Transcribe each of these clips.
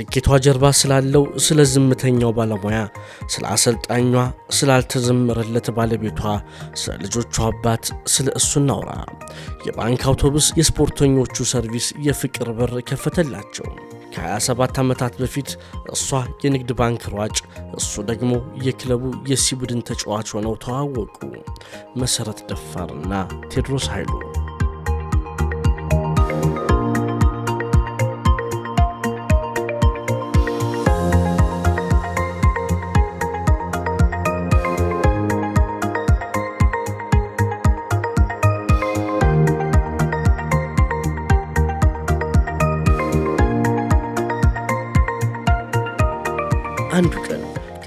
ከስኬቷ ጀርባ ስላለው ስለ ዝምተኛው ባለሙያ፣ ስለ አሰልጣኟ፣ ስላልተዘመረለት ባለቤቷ፣ ስለ ልጆቿ አባት፣ ስለ እሱ እናውራ። የባንክ አውቶቡስ የስፖርተኞቹ ሰርቪስ የፍቅር በር ከፈተላቸው። ከ27 ዓመታት በፊት እሷ የንግድ ባንክ ሯጭ፣ እሱ ደግሞ የክለቡ የሲ ቡድን ተጫዋች ሆነው ተዋወቁ። መሰረት ደፋርና ቴድሮስ ኃይሉ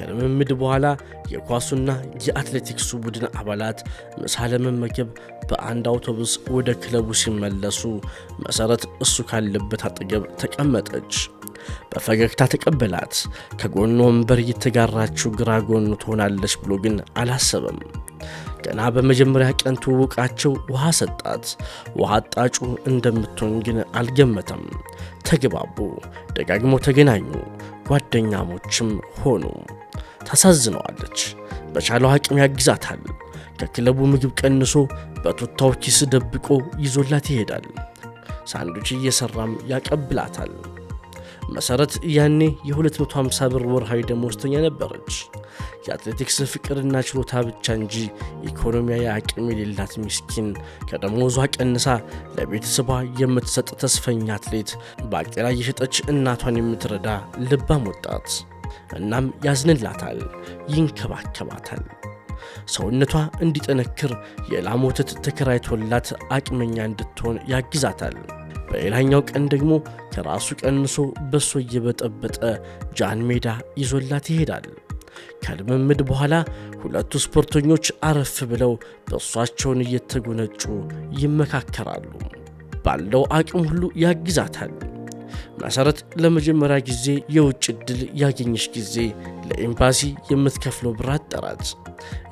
ከልምምድ በኋላ የኳሱና የአትሌቲክሱ ቡድን አባላት ምሳ ለመመገብ በአንድ አውቶቡስ ወደ ክለቡ ሲመለሱ መሰረት እሱ ካለበት አጠገብ ተቀመጠች። በፈገግታ ተቀበላት። ከጎኑ ወንበር እየተጋራችው ግራ ጎኑ ትሆናለች ብሎ ግን አላሰበም። ገና በመጀመሪያ ቀን ትውውቃቸው ውሃ ሰጣት። ውሃ አጣጩ እንደምትሆን ግን አልገመተም። ተግባቡ፣ ደጋግሞ ተገናኙ፣ ጓደኛሞችም ሆኑ። ታሳዝነዋለች። በቻለው አቅም ያግዛታል። ከክለቡ ምግብ ቀንሶ በቱታው ኪስ ደብቆ ይዞላት ይሄዳል። ሳንዱች እየሰራም ያቀብላታል። መሰረት ያኔ የ250 ብር ወርሃዊ ደመወዝተኛ ነበረች። የአትሌቲክስ ፍቅርና ችሎታ ብቻ እንጂ ኢኮኖሚያዊ አቅም የሌላት ምስኪን ከደሞዟ ቀንሳ ለቤተሰቧ የምትሰጥ ተስፈኛ አትሌት ባቄላ እየሸጠች እናቷን የምትረዳ ልባም ወጣት እናም ያዝንላታል፣ ይንከባከባታል። ሰውነቷ እንዲጠነክር የላም ወተት ተከራይቶላት አቅመኛ እንድትሆን ያግዛታል። በሌላኛው ቀን ደግሞ ከራሱ ቀንሶ በሶ እየበጠበጠ ጃን ሜዳ ይዞላት ይሄዳል። ከልምምድ በኋላ ሁለቱ ስፖርተኞች አረፍ ብለው በሷቸውን እየተጎነጩ ይመካከራሉ። ባለው አቅም ሁሉ ያግዛታል። መሰረት ለመጀመሪያ ጊዜ የውጭ እድል ያገኘች ጊዜ ለኤምባሲ የምትከፍለው ብር አጠራት።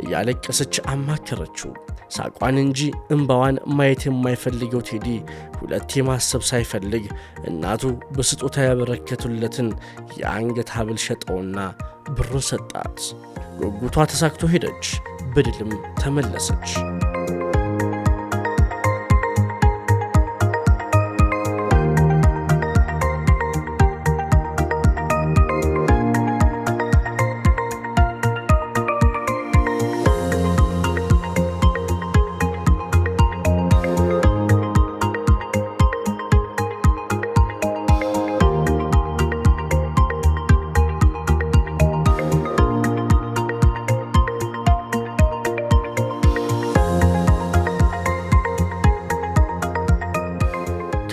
እያለቀሰች አማከረችው። ሳቋን እንጂ እንባዋን ማየት የማይፈልገው ቴዲ ሁለት የማሰብ ሳይፈልግ እናቱ በስጦታ ያበረከቱለትን የአንገት ሀብል ሸጠውና ብሩን ሰጣት። ጉጉቷ ተሳክቶ ሄደች፣ በድልም ተመለሰች።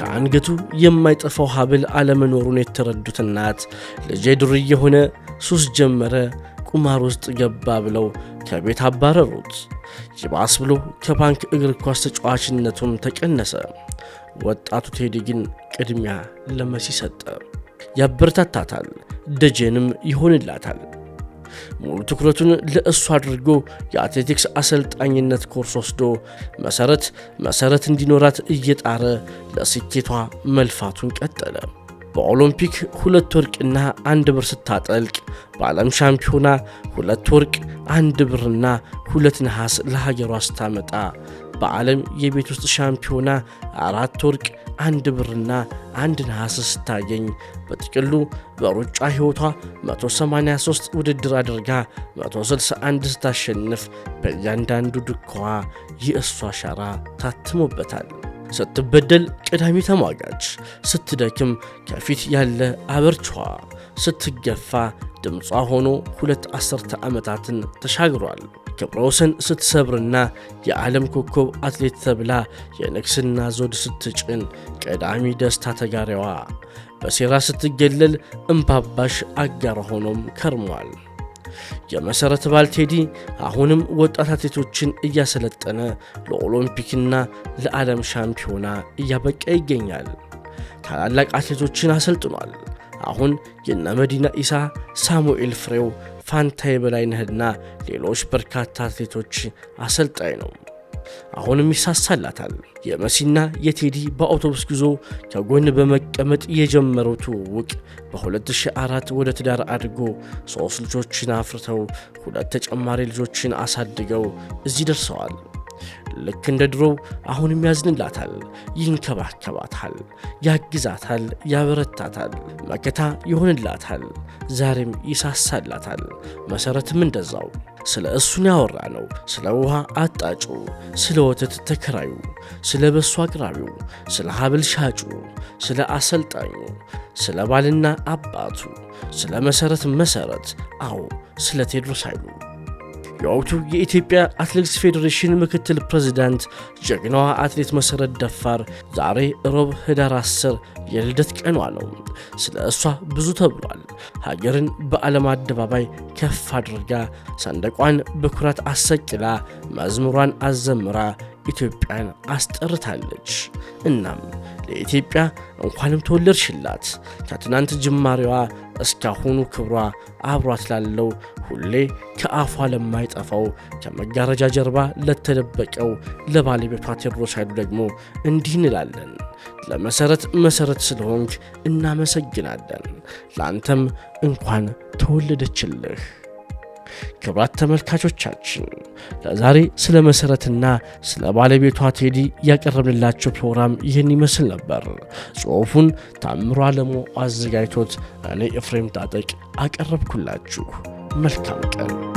ከአንገቱ የማይጠፋው ሀብል አለመኖሩን የተረዱት እናት ልጄ ዱር የሆነ ሱስ ጀመረ፣ ቁማር ውስጥ ገባ ብለው ከቤት አባረሩት። ይባስ ብሎ ከባንክ እግር ኳስ ተጫዋችነቱም ተቀነሰ። ወጣቱ ቴዲ ግን ቅድሚያ ለመሲ ሰጠ። ያበረታታታል፣ ደጀንም ይሆንላታል። ሙሉ ትኩረቱን ለእሱ አድርጎ የአትሌቲክስ አሰልጣኝነት ኮርስ ወስዶ መሰረት መሰረት እንዲኖራት እየጣረ ለስኬቷ መልፋቱን ቀጠለ። በኦሎምፒክ ሁለት ወርቅና አንድ ብር ስታጠልቅ በዓለም ሻምፒዮና ሁለት ወርቅ አንድ ብርና ሁለት ነሐስ ለሀገሯ ስታመጣ በዓለም የቤት ውስጥ ሻምፒዮና አራት ወርቅ አንድ ብርና አንድ ነሐስ ስታገኝ በጥቅሉ በሩጫ ሕይወቷ 183 ውድድር አድርጋ 161 ስታሸንፍ በእያንዳንዱ ድካዋ የእሷ አሻራ ታትሞበታል። ስትበደል ቀዳሚ ተሟጋች፣ ስትደክም ከፊት ያለ አበርችዋ፣ ስትገፋ ድምጿ ሆኖ ሁለት አስርተ ዓመታትን ተሻግሯል። ክብረ ወሰን ስትሰብርና የዓለም ኮከብ አትሌት ተብላ የንግስና ዘውድ ስትጭን ቀዳሚ ደስታ ተጋሪዋ፣ በሴራ ስትገለል እምባባሽ አጋር ሆኖም ከርሟል። የመሰረት ባልቴዲ አሁንም ወጣት አትሌቶችን እያሰለጠነ ለኦሎምፒክና ለዓለም ሻምፒዮና እያበቃ ይገኛል። ታላላቅ አትሌቶችን አሰልጥኗል። አሁን የነ መዲና ኢሳ፣ ሳሙኤል ፍሬው፣ ፋንታይ በላይነህና ሌሎች በርካታ አትሌቶች አሰልጣኝ ነው። አሁንም ይሳሳላታል። የመሲና የቴዲ በአውቶቡስ ጉዞ ከጎን በመቀመጥ የጀመረው ትውውቅ በ2004 ወደ ትዳር አድጎ ሶስት ልጆችን አፍርተው ሁለት ተጨማሪ ልጆችን አሳድገው እዚህ ደርሰዋል። ልክ እንደ ድሮው አሁንም ያዝንላታል፣ ይንከባከባታል፣ ያግዛታል፣ ያበረታታል፣ መከታ ይሆንላታል፣ ዛሬም ይሳሳላታል። መሰረትም እንደዛው ስለ እሱን ያወራ ነው። ስለ ውሃ አጣጩ፣ ስለ ወተት ተከራዩ፣ ስለ በሶ አቅራቢው፣ ስለ ሀብል ሻጩ፣ ስለ አሰልጣኙ፣ ስለ ባልና አባቱ፣ ስለ መሰረት መሰረት፣ አዎ ስለ ቴድሮስ ኃይሉ የወቅቱ የኢትዮጵያ አትሌቲክስ ፌዴሬሽን ምክትል ፕሬዚዳንት ጀግናዋ አትሌት መሰረት ደፋር ዛሬ ሮብ ህዳር 10 የልደት ቀኗ ነው። ስለ እሷ ብዙ ተብሏል። ሀገርን በዓለም አደባባይ ከፍ አድርጋ ሰንደቋን በኩራት አሰቅላ መዝሙሯን አዘምራ ኢትዮጵያን አስጠርታለች። እናም ለኢትዮጵያ እንኳንም ተወለድሽላት ከትናንት ጅማሬዋ እስካሁኑ ክብሯ አብሯት ላለው ሁሌ ከአፏ ለማይጠፋው ከመጋረጃ ጀርባ ለተደበቀው ለባለቤቷ ቴዎድሮስ ኃይሉ ደግሞ እንዲህ እንላለን። ለመሰረት መሰረት ስለሆንክ እናመሰግናለን። ለአንተም እንኳን ተወለደችልህ። ክብራት ተመልካቾቻችን ለዛሬ ስለ መሰረትና ስለ ባለቤቷ ቴዲ ያቀረብንላቸው ፕሮግራም ይህን ይመስል ነበር። ጽሑፉን ታምሮ አለሞ አዘጋጅቶት እኔ ኤፍሬም ጣጠቅ አቀረብኩላችሁ። መልካም ቀን